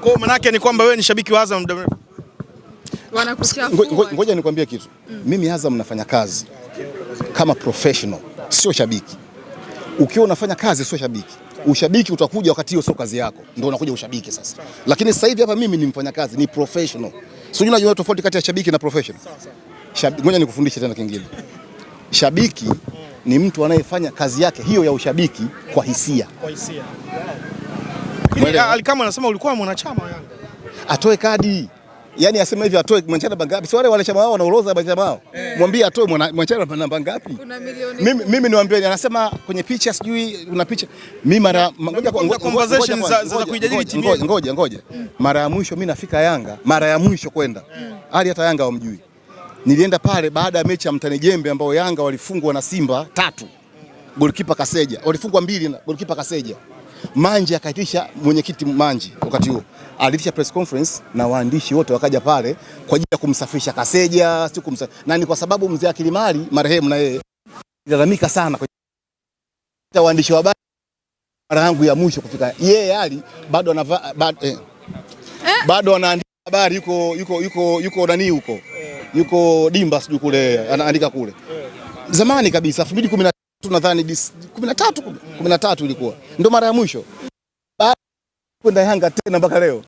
Kwa yake ni kwamba wewe ni shabiki wa Azam muda mrefu. Ngoja nikwambie kitu mm. Mimi Azam nafanya kazi kama professional, sio shabiki. Ukiwa unafanya kazi sio shabiki. Ushabiki utakuja wakati hiyo sio kazi yako, ndio unakuja ushabiki sasa. Lakini sasa hivi hapa mimi ni mfanyakazi, ni professional. Sio unajua tofauti kati ya shabiki na professional. Shabiki, ngoja nikufundishe tena kingine. Shabiki ni mtu anayefanya kazi yake hiyo ya ushabiki kwa hisia, kwa hisia. Alikama anasema ulikuwa mwanachama Yanga. Atoe kadi. Yaani asema hivi atoe mwanachama namba ngapi? Si wale wanachama wao wanaoroza wanachama wao. Eh. Mwambie atoe mwanachama namba ngapi? Kuna milioni. Mimi mimi niwaambie anasema kwenye picha sijui una picha. Mimi mara ngoja conversation za za kuijadili timu. Ngoja ngoja ngoja. Mara ya mwisho mimi nafika Yanga, mara ya mwisho kwenda. Mm. Hali hata Yanga wamjui. Nilienda pale baada ya mechi ya Mtani Jembe ambao Yanga walifungwa na Simba tatu. Golikipa Kaseja. Walifungwa mbili na golikipa Kaseja. Manji akaitisha, mwenyekiti Manji wakati huo alitisha press conference na waandishi wote wakaja pale kwa ajili ya kumsafisha Kaseja, si kumsa... na ni kwa sababu mzee Akilimali marehemu na yeye ilalamika sana kwa waandishi wa habari. Mara yangu ya mwisho kufika yeye ali bado anava bado, eh, eh, bado anaandika habari yuko yuko yuko yuko nani huko eh. yuko Dimba sijui kule anaandika kule eh. zamani kabisa 2010 tunadhani 13 13 ilikuwa ndio mara ya mwisho baada kwenda Yanga tena mpaka leo.